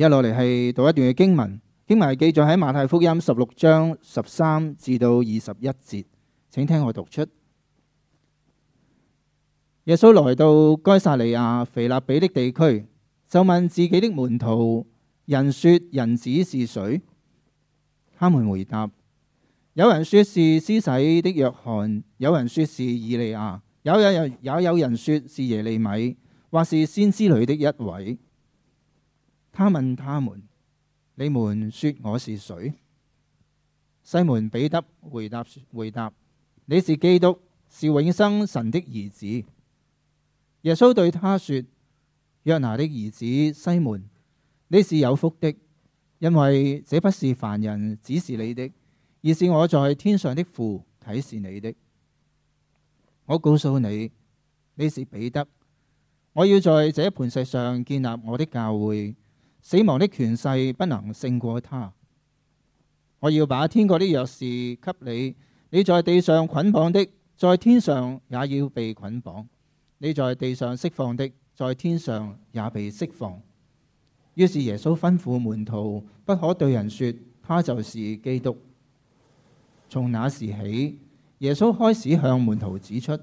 一路嚟係讀一段嘅經文，經文係記載喺馬太福音十六章十三至到二十一節，請聽我讀出。耶穌來到該撒利亞腓立比的地區，就問自己的門徒：人說人子是誰？他們回答：有人說是施洗的約翰，有人說是以利亞，有人也有，有，有人說是耶利米，或是先知裏的一位。他問他們：你們說我是誰？西門彼得回答：回答你是基督，是永生神的兒子。耶穌對他說：約拿的兒子西門，你是有福的，因為這不是凡人指示你的，而是我在天上的父啟示你的。我告訴你，你是彼得，我要在這磐石上建立我的教會。死亡的權勢不能勝過他。我要把天國的鑰匙給你，你在地上捆綁的，在天上也要被捆綁；你在地上釋放的，在天上也被釋放。於是耶穌吩咐門徒不可對人說，他就是基督。從那時起，耶穌開始向門徒指出，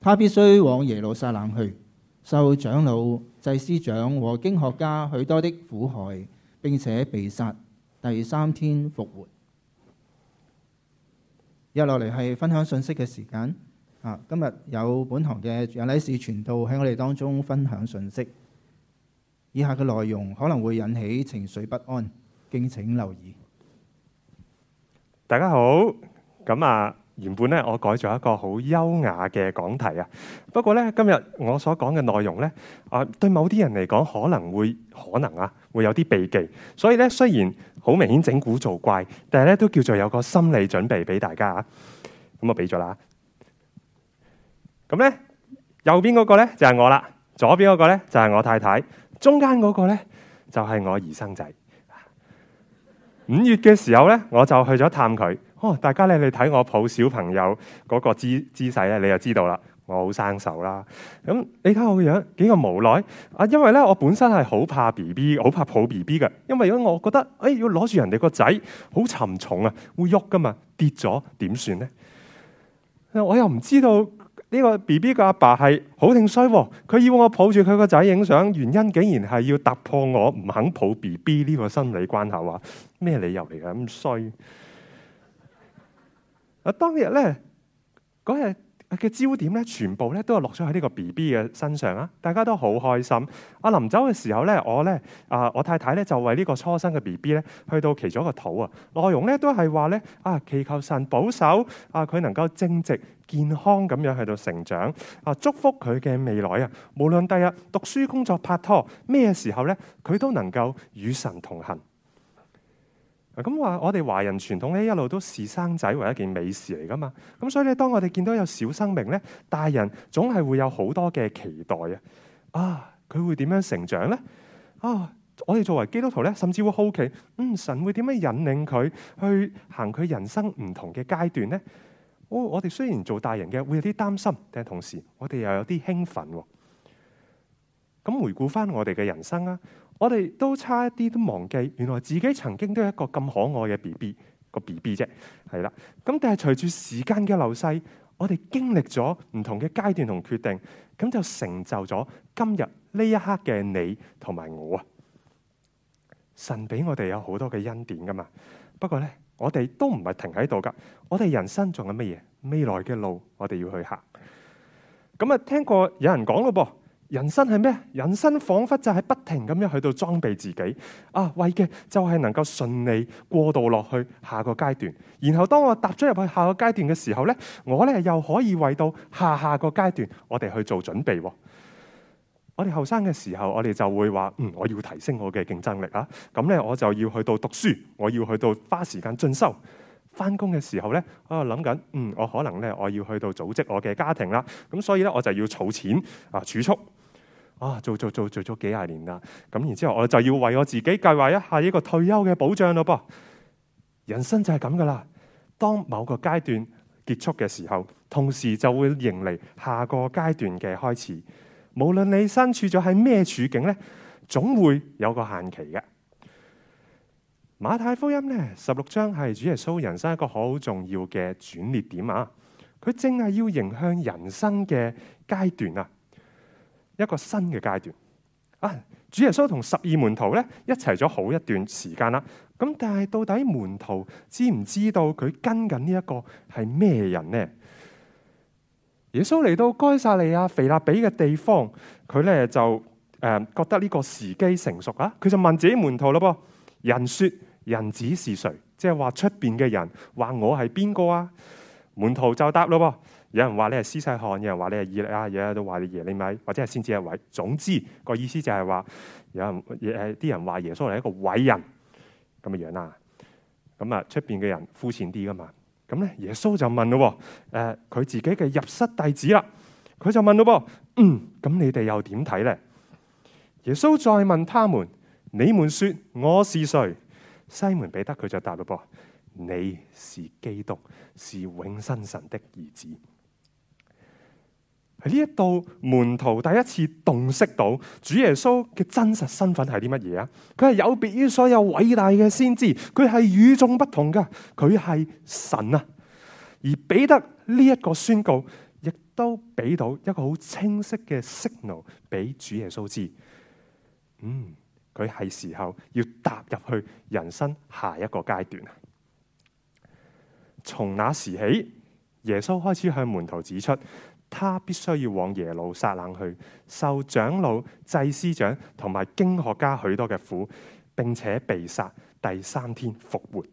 他必須往耶路撒冷去。受長老、祭司長和經學家許多的苦害，並且被殺，第三天復活。又落嚟，係分享信息嘅時間啊！今日有本堂嘅楊禮士傳道喺我哋當中分享信息。以下嘅內容可能會引起情緒不安，敬請留意。大家好，咁啊。原本咧，我改咗一個好優雅嘅講題啊。不過咧，今日我所講嘅內容咧，啊，對某啲人嚟講可能會可能啊，會有啲避忌。所以咧，雖然好明顯整蠱做怪，但係咧都叫做有個心理準備俾大家啊。咁我俾咗啦。咁咧，右邊嗰個咧就係我啦，左邊嗰個咧就係我太太，中間嗰個咧就係我兒生仔。五月嘅時候咧，我就去咗探佢。哦，大家咧，你睇我抱小朋友嗰個姿姿勢咧，你就知道啦。嗯、我好生手啦。咁你睇我嘅樣子，幾個無奈啊！因為咧，我本身係好怕 B B，好怕抱 B B 嘅。因為如果我覺得，誒、哎、要攞住人哋個仔，好沉重啊，會喐噶嘛，跌咗點算呢、嗯？我又唔知道呢個 B B 嘅阿爸係好定衰、啊。佢要我抱住佢個仔影相，原因竟然係要突破我唔肯抱 B B 呢個心理關口啊！咩理由嚟嘅咁衰？啊！當日咧，嗰日嘅焦點咧，全部咧都係落咗喺呢個 B B 嘅身上啊。大家都好開心。阿、啊、臨走嘅時候咧，我咧啊，我太太咧就為呢個初生嘅 B B 咧，去到祈咗個禱啊。內容咧都係話咧啊，祈求神保守啊，佢能夠正直健康咁樣去到成長啊，祝福佢嘅未來啊。無論第日讀書、工作、拍拖，咩時候咧，佢都能夠與神同行。咁話我哋華人傳統咧一路都視生仔為一件美事嚟㗎嘛。咁所以咧，當我哋見到有小生命咧，大人總係會有好多嘅期待啊！啊，佢會點樣成長咧？啊，我哋作為基督徒咧，甚至會好奇，嗯，神會點樣引領佢去行佢人生唔同嘅階段咧？哦，我哋雖然做大人嘅會有啲擔心，但係同時我哋又有啲興奮。咁回顧翻我哋嘅人生啊！我哋都差一啲都忘記，原來自己曾經都有一個咁可愛嘅 BB 個 BB 啫，係啦。咁但係隨住時間嘅流逝，我哋經歷咗唔同嘅階段同決定，咁就成就咗今日呢一刻嘅你同埋我啊！神俾我哋有好多嘅恩典噶嘛。不過咧，我哋都唔係停喺度噶。我哋人生仲有乜嘢？未來嘅路，我哋要去行。咁啊，聽過有人講咯噃。人生係咩？人生仿佛就係不停咁樣去到裝備自己啊，為嘅就係能夠順利過渡落去下個階段。然後當我踏咗入去下個階段嘅時候呢，我呢又可以為到下下個階段我哋去做準備。我哋後生嘅時候，我哋就會話：嗯，我要提升我嘅競爭力啊！咁呢，我就要去到讀書，我要去到花時間進修。翻工嘅時候呢，我諗緊嗯，我可能呢，我要去到組織我嘅家庭啦。咁所以呢，我就要儲錢啊，儲蓄。啊，做做做做咗幾廿年啦，咁然之後我就要為我自己計劃一下呢個退休嘅保障咯噃。人生就係咁噶啦，當某個階段結束嘅時候，同時就會迎嚟下個階段嘅開始。無論你身處咗係咩處境呢，總會有個限期嘅。馬太福音呢十六章係主耶穌人生一個好重要嘅轉捩點啊，佢正係要迎向人生嘅階段啊。一個新嘅階段啊！主耶穌同十二門徒咧一齊咗好一段時間啦，咁但係到底門徒知唔知道佢跟緊呢一個係咩人呢？耶穌嚟到該撒利亞腓立比嘅地方，佢咧就誒覺得呢個時機成熟啊，佢就問自己門徒咯噃。人說人子是誰？即係話出邊嘅人話我係邊個啊？門徒就答咯噃。有人話你係施洗約翰，有人話你係以利亞，嘢都話你係耶利米或者係先知係偉。總之個意思就係話，有人誒啲人話耶穌係一個偉人咁嘅樣啦。咁啊出邊嘅人膚淺啲噶嘛。咁咧耶穌就問咯，誒、呃、佢自己嘅入室弟子啦，佢就問咯噃，咁、嗯、你哋又點睇咧？耶穌再問他們：你們說我是誰？西門彼得佢就答咯噃：你是基督，是永生神的兒子。係呢一度門徒第一次洞悉到主耶穌嘅真實身份係啲乜嘢啊？佢係有別於所有偉大嘅先知，佢係與眾不同噶，佢係神啊！而彼得呢一個宣告，亦都俾到一個好清晰嘅 signal 俾主耶穌知，嗯，佢係時候要踏入去人生下一個階段啊！從那時起，耶穌開始向門徒指出。他必須要往耶路撒冷去，受長老、祭司長同埋經學家許多嘅苦，並且被殺，第三天復活。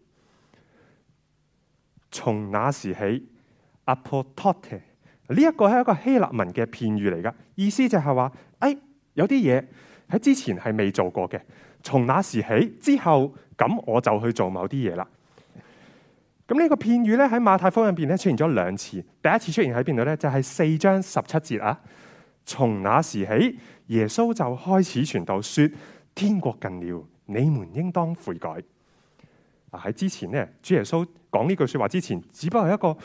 從那時起，阿破托特呢一個係一個希臘文嘅片語嚟噶，意思就係話：哎，有啲嘢喺之前係未做過嘅，從那時起之後，咁我就去做某啲嘢啦。咁、這、呢個片語咧喺馬太福音入邊咧出現咗兩次。第一次出現喺邊度咧，就係、是、四章十七節啊。從那時起，耶穌就開始傳道說，說天國近了，你們應當悔改。啊喺之前咧，主耶穌講呢句說話之前，只不過係一個誒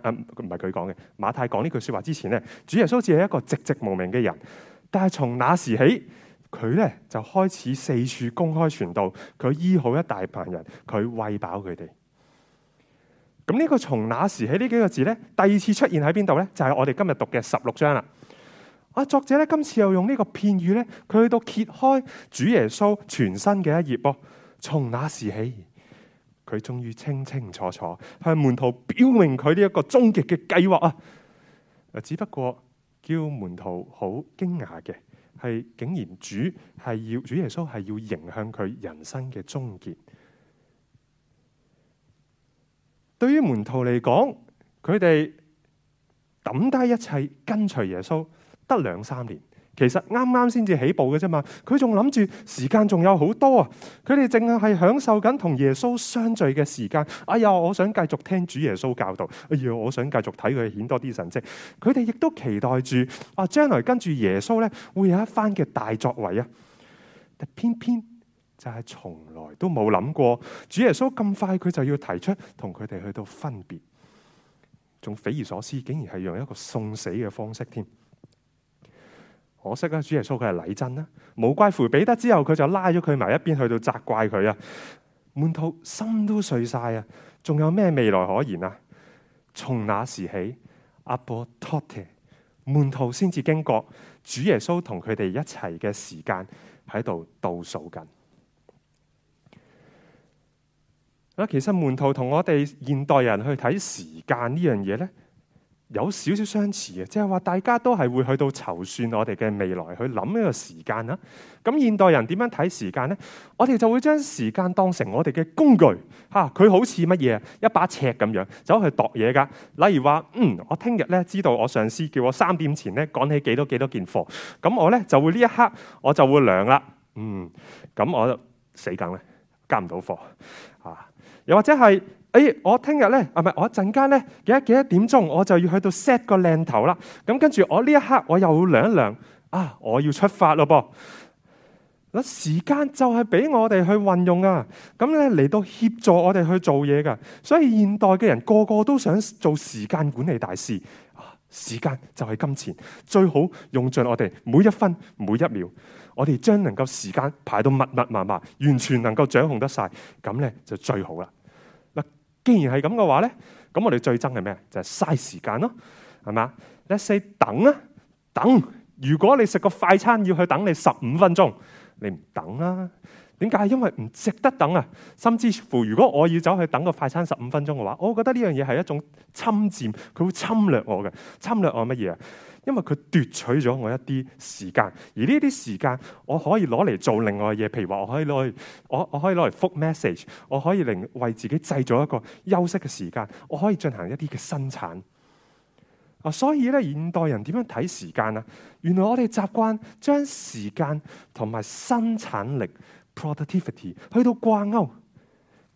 誒，唔係佢講嘅馬太講呢句說話之前咧，主耶穌只係一個寂寂無名嘅人。但係從那時起，佢咧就開始四處公開傳道，佢醫好一大群人，佢餵飽佢哋。咁、這、呢個從那時起呢幾個字咧，第二次出現喺邊度咧，就係、是、我哋今日讀嘅十六章啦。啊，作者咧今次又用呢個片語咧，佢去到揭開主耶穌全新嘅一頁噃。從那時起，佢終於清清楚楚向門徒表明佢呢一個終極嘅計劃啊。只不過叫門徒好驚訝嘅係，竟然主係要主耶穌係要迎向佢人生嘅終結。對於門徒嚟講，佢哋抌低一切跟隨耶穌，得兩三年，其實啱啱先至起步嘅啫嘛。佢仲諗住時間仲有好多啊，佢哋淨係享受緊同耶穌相聚嘅時間。哎呀，我想繼續聽主耶穌教導。哎呀，我想繼續睇佢顯多啲神蹟。佢哋亦都期待住啊，將來跟住耶穌咧，會有一番嘅大作為啊！但偏偏……就係從來都冇諗過主耶穌咁快，佢就要提出同佢哋去到分別，仲匪夷所思，竟然係用一個送死嘅方式添。可惜啊，主耶穌佢係禮真啦，啊，冇怪乎彼得之後，佢就拉咗佢埋一邊去到責怪佢啊。門徒心都碎曬啊，仲有咩未來可言啊？從那時起，阿波托特門徒先至經過主耶穌同佢哋一齊嘅時間喺度倒數緊。啊，其實門徒同我哋現代人去睇時間呢樣嘢咧，有少少相似嘅，即係話大家都係會去到籌算我哋嘅未來去諗一個時間啦。咁現代人點樣睇時間咧？我哋就會將時間當成我哋嘅工具嚇，佢、啊、好似乜嘢？一把尺咁樣走去度嘢㗎。例如話，嗯，我聽日咧知道我上司叫我三點前咧趕起幾多幾多件貨，咁我咧就會呢一刻我就會量啦。嗯，咁我就死梗咧，交唔到貨。又或者係，誒、哎，我聽日咧，啊，係咪我一陣間咧，幾多幾多點鐘我就要去到 set 個靚頭啦。咁跟住我呢一刻我又要量一量，啊，我要出發咯噃。嗱，時間就係俾我哋去運用啊，咁咧嚟到協助我哋去做嘢噶。所以現代嘅人個個都想做時間管理大師。啊、時間就係金錢，最好用盡我哋每一分每一秒，我哋將能夠時間排到密密麻麻，完全能夠掌控得晒，咁咧就最好啦。既然係咁嘅話咧，咁我哋最憎係咩？就係嘥時間咯，係嘛？Let's say 等啊，等。如果你食個快餐要去等你十五分鐘，你唔等啊。點解？因為唔值得等啊。甚至乎，如果我要走去等個快餐十五分鐘嘅話，我覺得呢樣嘢係一種侵占，佢會侵略我嘅，侵略我乜嘢啊？因為佢奪取咗我一啲時間，而呢啲時間我可以攞嚟做另外嘅嘢，譬如話我可以攞嚟，我我可以攞嚟覆 message，我可以令為自己制造一個休息嘅時間，我可以進行一啲嘅生產。啊，所以咧，現代人點樣睇時間啊？原來我哋習慣將時間同埋生產力 productivity 去到掛鈎。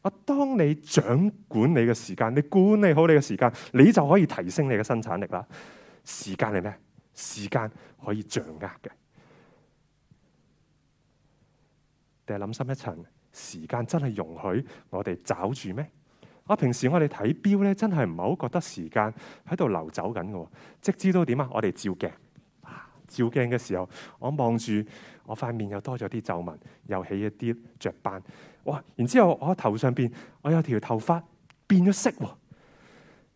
我、啊、當你掌管你嘅時間，你管理好你嘅時間，你就可以提升你嘅生產力啦。時間係咩？時間可以掌握嘅，定係諗深一層？時間真係容許我哋找住咩？我、啊、平時我哋睇錶咧，真係唔係好覺得時間喺度流走緊嘅。即知到點啊？我哋照鏡，啊、照鏡嘅時候，我望住我塊面又多咗啲皺紋，又起了一啲雀斑。哇！然之後我在頭上邊，我有一條頭髮變咗色喎。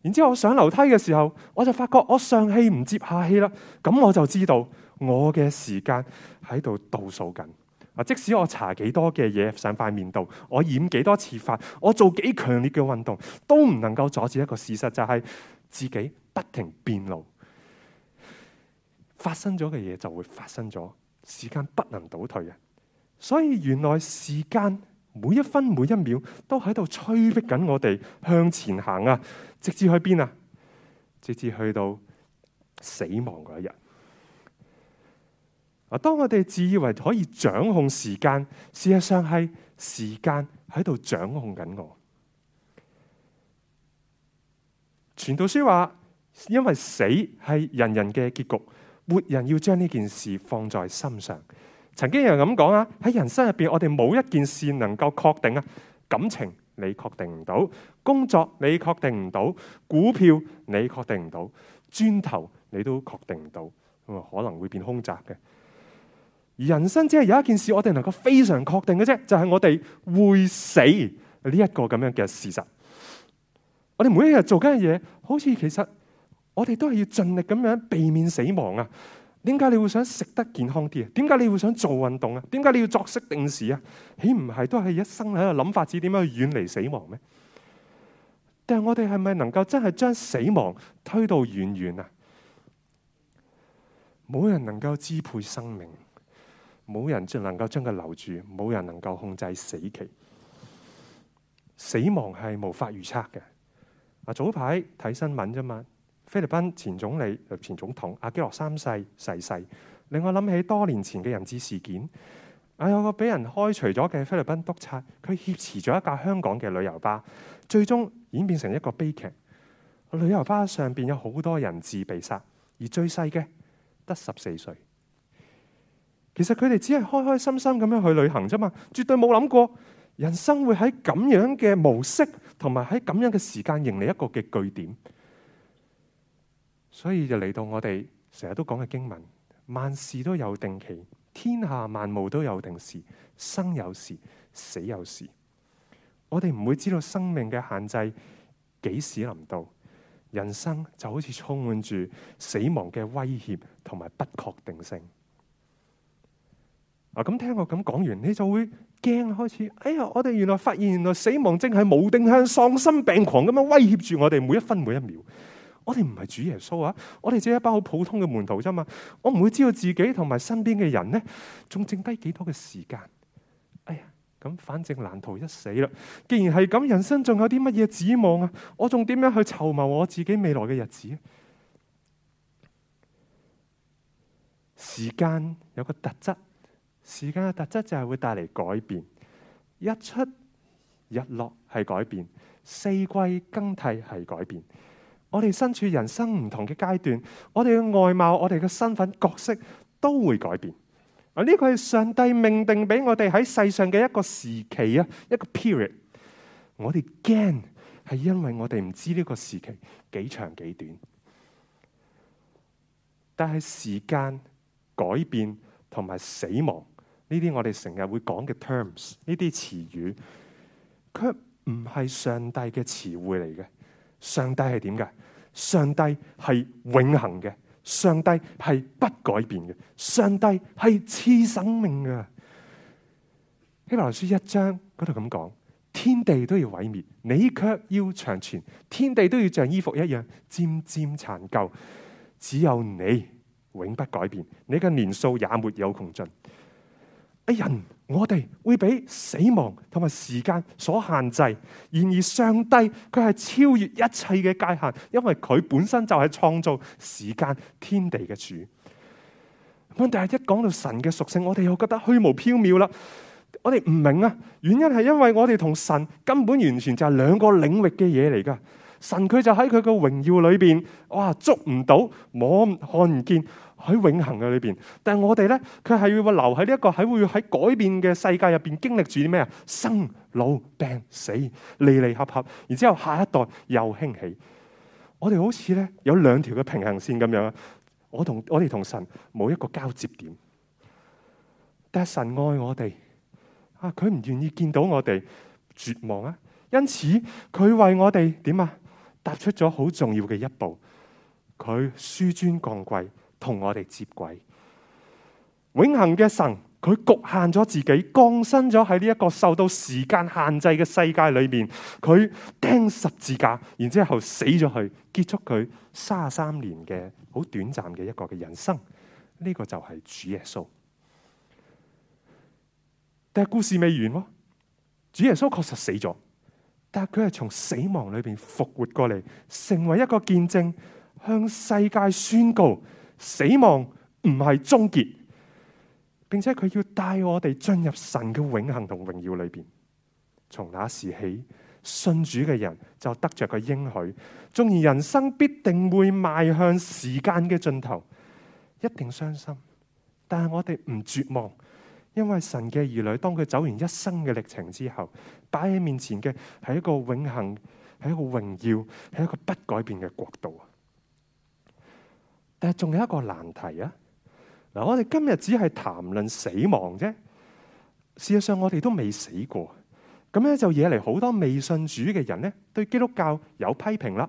然之後，我上樓梯嘅時候，我就發覺我上氣唔接下氣啦。咁我就知道我嘅時間喺度倒數緊啊。即使我搽幾多嘅嘢上塊面度，我染幾多次髮，我做幾強烈嘅運動，都唔能夠阻止一個事實，就係自己不停變老。發生咗嘅嘢就會發生咗，時間不能倒退嘅。所以原來時間每一分每一秒都喺度催逼緊我哋向前行啊！直至去邊啊？直至去到死亡嗰一日。啊！當我哋自以為可以掌控時間，事實上係時間喺度掌控緊我。傳道書話：，因為死係人人嘅結局，活人要將呢件事放在心上。曾經有人咁講啊：，喺人生入邊，我哋冇一件事能夠確定啊，感情。你確定唔到工作，你確定唔到股票，你確定唔到磚頭，你都確定唔到，可能會變凶宅嘅。而人生只係有一件事，我哋能夠非常確定嘅啫，就係、是、我哋會死呢一、這個咁樣嘅事實。我哋每一日做緊嘅嘢，好似其實我哋都係要盡力咁樣避免死亡啊。點解你會想食得健康啲啊？點解你會想做運動啊？點解你要作息定時啊？豈唔係都係一生喺度諗法子點樣去遠離死亡咩？但係我哋係咪能夠真係將死亡推到遠遠啊？冇人能夠支配生命，冇人就能夠將佢留住，冇人能夠控制死期。死亡係無法預測嘅。啊，早排睇新聞啫嘛。菲律賓前總理、前總統阿基諾三世逝世，令我諗起多年前嘅人質事件。哎呀，有個俾人開除咗嘅菲律賓督察，佢挾持咗一架香港嘅旅遊巴，最終演變成一個悲劇。旅遊巴上邊有好多人質被殺，而最細嘅得十四歲。其實佢哋只係開開心心咁樣去旅行啫嘛，絕對冇諗過人生會喺咁樣嘅模式同埋喺咁樣嘅時間，迎嚟一個嘅據點。所以就嚟到我哋成日都講嘅經文，萬事都有定期，天下萬物都有定時，生有時，死有時。我哋唔會知道生命嘅限制幾時臨到，人生就好似充滿住死亡嘅威脅同埋不確定性。啊！咁聽我咁講完，你就會驚開始，哎呀！我哋原來發現原來死亡正係冇定向喪心病狂咁樣威脅住我哋每一分每一秒。我哋唔係主耶穌啊！我哋只係一班好普通嘅門徒啫嘛！我唔會知道自己同埋身邊嘅人呢，仲剩低幾多嘅時間？哎呀，咁反正難逃一死啦！既然係咁，人生仲有啲乜嘢指望啊？我仲點樣去籌謀我自己未來嘅日子？時間有個特質，時間嘅特質就係會帶嚟改變。日出、日落係改變，四季更替係改變。我哋身處人生唔同嘅階段，我哋嘅外貌、我哋嘅身份、角色都會改變。啊，呢個係上帝命定俾我哋喺世上嘅一個時期啊，一個 period。我哋驚係因為我哋唔知呢個時期幾長幾短。但係時間改變同埋死亡呢啲，我哋成日會講嘅 terms 呢啲詞語，佢唔係上帝嘅詞彙嚟嘅。上帝係點㗎？上帝係永恒嘅，上帝係不改變嘅，上帝係賜生命嘅。希伯來書一章嗰度咁講：天地都要毀滅，你卻要長存；天地都要像衣服一樣漸漸殘舊，只有你永不改變，你嘅年數也沒有窮盡。人，我哋會俾死亡同埋時間所限制；然而上帝佢係超越一切嘅界限，因為佢本身就係創造時間天地嘅主。咁但係一講到神嘅屬性，我哋又覺得虛無縹緲啦，我哋唔明啊。原因係因為我哋同神根本完全就係兩個領域嘅嘢嚟噶，神佢就喺佢嘅榮耀裏邊，哇，捉唔到，摸看唔見。喺永恆嘅裏邊，但係我哋咧，佢係要留喺呢一個喺會喺改變嘅世界入邊經歷住啲咩啊？生老病死，離離合合，然之後下一代又興起。我哋好似咧，有兩條嘅平行線咁樣，我同我哋同神冇一個交接點。但係神愛我哋啊，佢唔願意見到我哋絕望啊，因此佢為我哋點啊踏出咗好重要嘅一步。佢紆尊降貴。同我哋接軌，永恒嘅神佢局限咗自己，降生咗喺呢一個受到時間限制嘅世界裏面。佢釘十字架，然之後死咗去，結束佢三十三年嘅好短暫嘅一個嘅人生。呢、這個就係主耶穌，但係故事未完。主耶穌確實死咗，但係佢係從死亡裏邊復活過嚟，成為一個見證，向世界宣告。死亡唔係終結，並且佢要帶我哋進入神嘅永恆同榮耀裏邊。從那時起，信主嘅人就得着個應許。縱然人生必定會邁向時間嘅盡頭，一定傷心，但係我哋唔絕望，因為神嘅兒女，當佢走完一生嘅歷程之後，擺喺面前嘅係一個永恆，係一個榮耀，係一個不改變嘅國度。但係仲有一個難題啊！嗱，我哋今日只係談論死亡啫，事實上我哋都未死過，咁咧就惹嚟好多未信主嘅人咧對基督教有批評啦。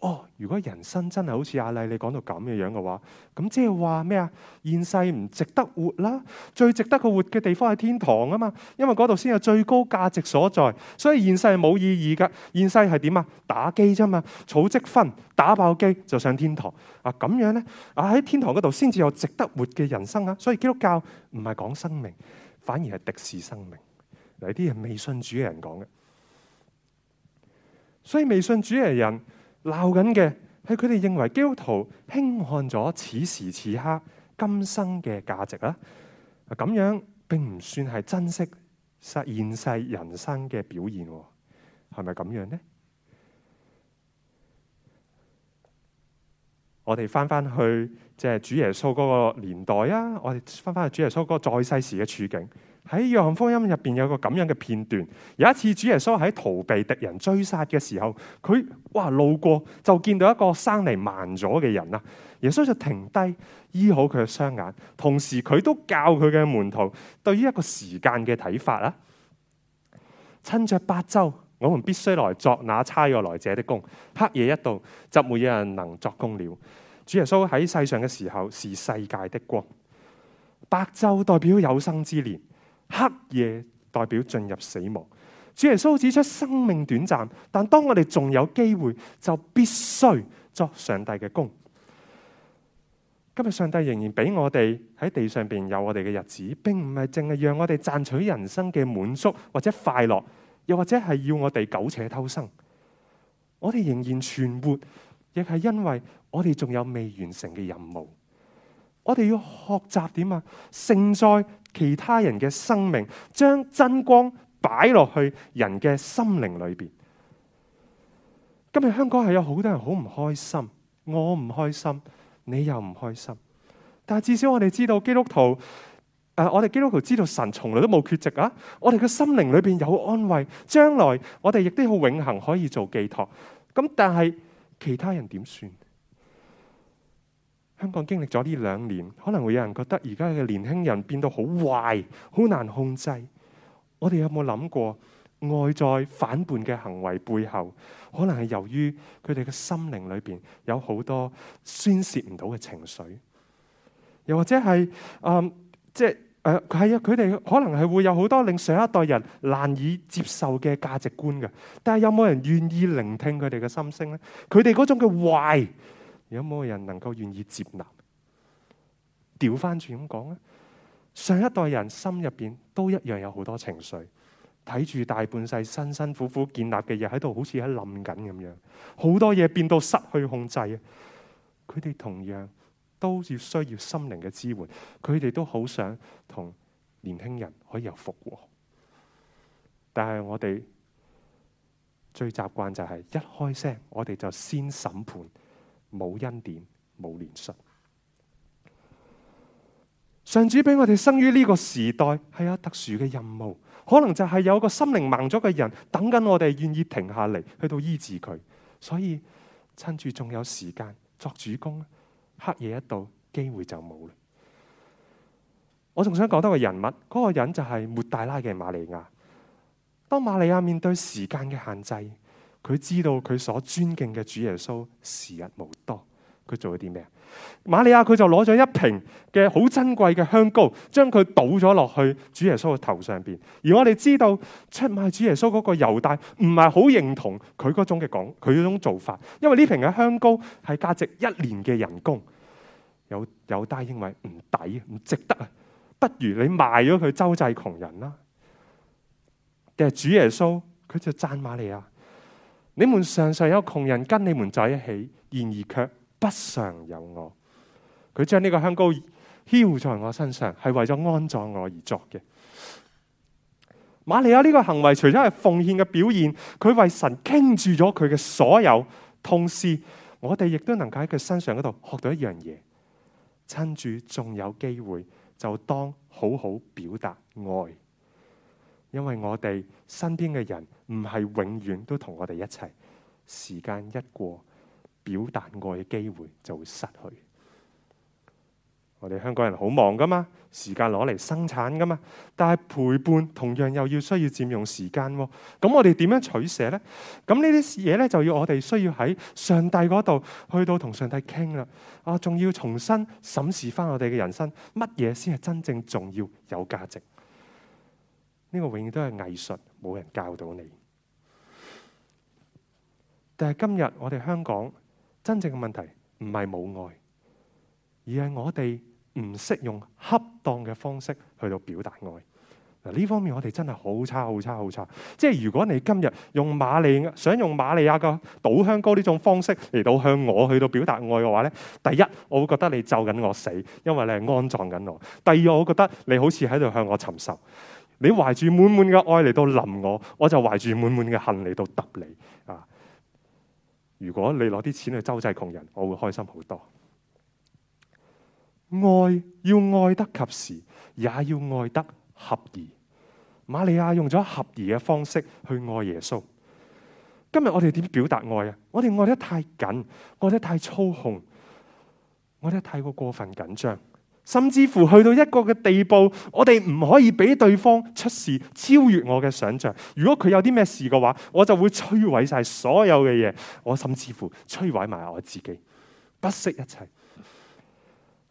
哦，如果人生真係好似阿麗你講到咁嘅樣嘅話，咁即係話咩啊？現世唔值得活啦，最值得佢活嘅地方係天堂啊嘛，因為嗰度先有最高價值所在。所以現世係冇意義噶，現世係點啊？打機啫嘛，儲積分打爆機就上天堂啊！咁樣咧啊，喺天堂嗰度先至有值得活嘅人生啊！所以基督教唔係講生命，反而係敵視生命。嗱，啲係未信主嘅人講嘅，所以未信主嘅人。鬧緊嘅係佢哋認為基督徒輕看咗此時此刻今生嘅價值啦，咁樣並唔算係珍惜現世人生嘅表現喎，係咪咁樣呢？我哋翻翻去即係主耶穌嗰個年代啊，我哋翻翻去主耶穌嗰個在世時嘅處境。喺《約翰福音》入邊有一個咁樣嘅片段。有一次，主耶穌喺逃避敵人追殺嘅時候，佢哇路過就見到一個生嚟盲咗嘅人啦。耶穌就停低醫好佢嘅雙眼，同時佢都教佢嘅門徒對於一個時間嘅睇法啦。趁着白晝，我們必須來作那差我來者的工；黑夜一到，就沒有人能做工了。主耶穌喺世上嘅時候是世界的光。白晝代表有生之年。黑夜代表進入死亡。主耶穌指出生命短暫，但當我哋仲有機會，就必須作上帝嘅功。今日上帝仍然俾我哋喺地上邊有我哋嘅日子，並唔係淨係讓我哋賺取人生嘅滿足或者快樂，又或者係要我哋苟且偷生。我哋仍然存活，亦係因為我哋仲有未完成嘅任務。我哋要學習點啊？勝在。其他人嘅生命，將真光擺落去人嘅心靈裏邊。今日香港係有好多人好唔開心，我唔開心，你又唔開心。但係至少我哋知道基督徒，誒、呃，我哋基督徒知道神從來都冇缺席啊！我哋嘅心靈裏邊有安慰，將來我哋亦都好永恆可以做寄託。咁但係其他人點算？香港經歷咗呢兩年，可能會有人覺得而家嘅年輕人變到好壞、好難控制。我哋有冇諗過，外在反叛嘅行為背後，可能係由於佢哋嘅心靈裏邊有好多宣洩唔到嘅情緒，又或者係嗯，即係誒，係啊，佢哋可能係會有好多令上一代人難以接受嘅價值觀嘅。但係有冇人願意聆聽佢哋嘅心聲咧？佢哋嗰種嘅壞。有冇人能夠願意接納？調翻轉咁講啊，上一代人心入邊都一樣有好多情緒，睇住大半世辛辛苦苦建立嘅嘢喺度，好似喺冧緊咁樣，好多嘢變到失去控制。佢哋同樣都要需要心靈嘅支援，佢哋都好想同年輕人可以有復和。但係我哋最習慣就係、是、一開聲，我哋就先審判。冇恩典，冇連神。上主俾我哋生於呢個時代，係有特殊嘅任務，可能就係有個心靈盲咗嘅人，等緊我哋願意停下嚟去到醫治佢。所以趁住仲有時間作主工，黑夜一到，機會就冇啦。我仲想講多個人物，嗰、那個人就係抹大拉嘅瑪利亞。當瑪利亞面對時間嘅限制，佢知道佢所尊敬嘅主耶穌時日無多，佢做咗啲咩啊？瑪利亞佢就攞咗一瓶嘅好珍貴嘅香膏，將佢倒咗落去主耶穌嘅頭上邊。而我哋知道出賣主耶穌嗰個猶大唔係好認同佢嗰種嘅講，佢嗰種做法，因為呢瓶嘅香膏係價值一年嘅人工。猶猶大認為唔抵唔值得啊，不如你賣咗佢周濟窮人啦。但係主耶穌佢就讚瑪利亞。你們常常有窮人跟你們在一起，然而卻不常有我。佢將呢個香膏澆在我身上，係為咗安葬我而作嘅。瑪利亞呢個行為，除咗係奉獻嘅表現，佢為神傾注咗佢嘅所有，同時我哋亦都能夠喺佢身上嗰度學到一樣嘢，趁住仲有機會，就當好好表達愛。因為我哋身邊嘅人唔係永遠都同我哋一齊，時間一過，表達愛嘅機會就會失去。我哋香港人好忙噶嘛，時間攞嚟生產噶嘛，但係陪伴同樣又要需要佔用時間，啊。咁我哋點樣取捨呢？咁呢啲嘢咧就要我哋需要喺上帝嗰度去到同上帝傾啦。啊，仲要重新審視翻我哋嘅人生，乜嘢先係真正重要、有價值？呢、這個永遠都係藝術，冇人教到你。但係今日我哋香港真正嘅問題唔係冇愛，而係我哋唔識用恰當嘅方式去到表達愛。嗱呢方面我哋真係好差好差好差。即係如果你今日用馬利亞想用馬利亞嘅倒香膏呢種方式嚟到向我去到表達愛嘅話呢，第一我會覺得你咒緊我死，因為你係安葬緊我；第二我會覺得你好似喺度向我尋仇。你懷住滿滿嘅愛嚟到淋我，我就懷住滿滿嘅恨嚟到揼你啊！如果你攞啲錢去周濟窮人，我會開心好多。愛要愛得及時，也要愛得合宜。瑪利亞用咗合宜嘅方式去愛耶穌。今日我哋點表達愛啊？我哋愛得太緊，愛得太操控，我哋太過過分緊張。甚至乎去到一個嘅地步，我哋唔可以俾對方出事，超越我嘅想象。如果佢有啲咩事嘅話，我就會摧毀晒所有嘅嘢，我甚至乎摧毀埋我自己，不惜一切。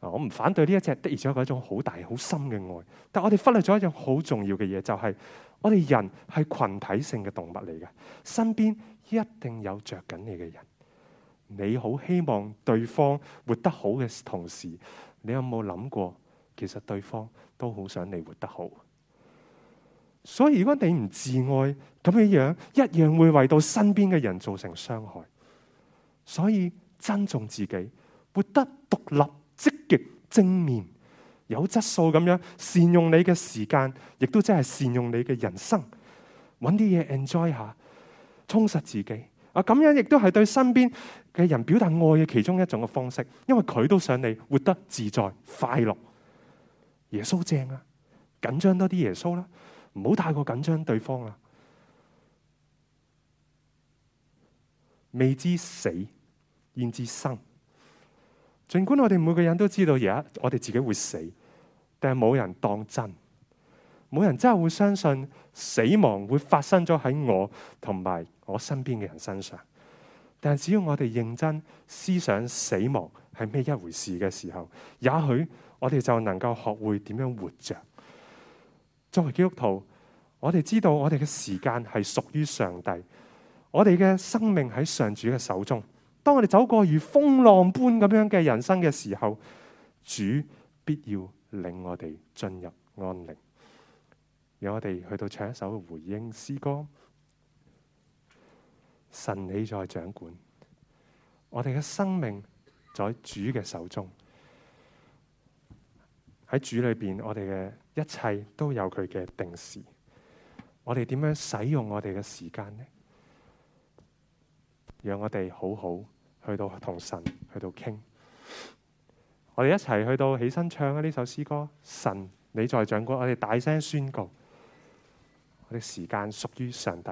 我唔反對呢一隻，的而且確係一種好大好深嘅愛。但我哋忽略咗一樣好重要嘅嘢，就係、是、我哋人係群體性嘅動物嚟嘅，身邊一定有着緊你嘅人。你好希望對方活得好嘅同時。你有冇諗過？其實對方都好想你活得好，所以如果你唔自愛咁樣，一樣會為到身邊嘅人造成傷害。所以珍重自己，活得獨立、積極、正面、有質素咁樣，善用你嘅時間，亦都真係善用你嘅人生，揾啲嘢 enjoy 下，充實自己。啊，咁樣亦都係對身邊嘅人表達愛嘅其中一種嘅方式，因為佢都想你活得自在快樂。耶穌正啊，緊張多啲耶穌啦，唔好太過緊張對方啦。未知死，焉知生？盡管我哋每個人都知道而家我哋自己會死，但係冇人當真，冇人真係會相信死亡會發生咗喺我同埋，我身邊嘅人身上，但只要我哋認真思想死亡係咩一回事嘅時候，也許我哋就能夠學會點樣活着。作為基督徒，我哋知道我哋嘅時間係屬於上帝，我哋嘅生命喺上主嘅手中。當我哋走過如風浪般咁樣嘅人生嘅時候，主必要領我哋進入安寧。讓我哋去到唱一首回應詩歌。神你在掌管，我哋嘅生命在主嘅手中。喺主裏邊，我哋嘅一切都有佢嘅定時。我哋點樣使用我哋嘅時間呢？讓我哋好好去到同神去到傾。我哋一齊去到起身唱啊呢首詩歌。神你在掌管，我哋大聲宣告：我哋時間屬於上帝。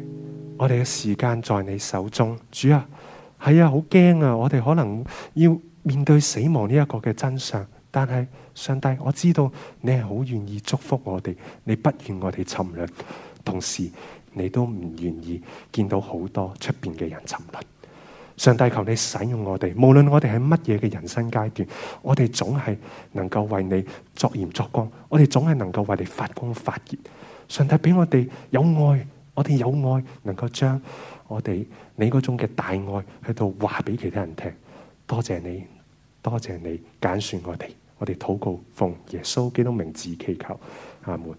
我哋嘅時間在你手中，主啊，係啊，好驚啊！我哋可能要面對死亡呢一個嘅真相，但係上帝，我知道你係好願意祝福我哋，你不願我哋沉淪，同時你都唔願意見到好多出邊嘅人沉淪。上帝求你使用我哋，無論我哋喺乜嘢嘅人生階段，我哋總係能夠為你作鹽作光，我哋總係能夠為你發光發熱。上帝俾我哋有愛。我哋有愛，能夠將我哋你嗰種嘅大愛去到話俾其他人聽。多謝你，多謝你揀選我哋。我哋禱告，奉耶穌基督名字祈求，阿門。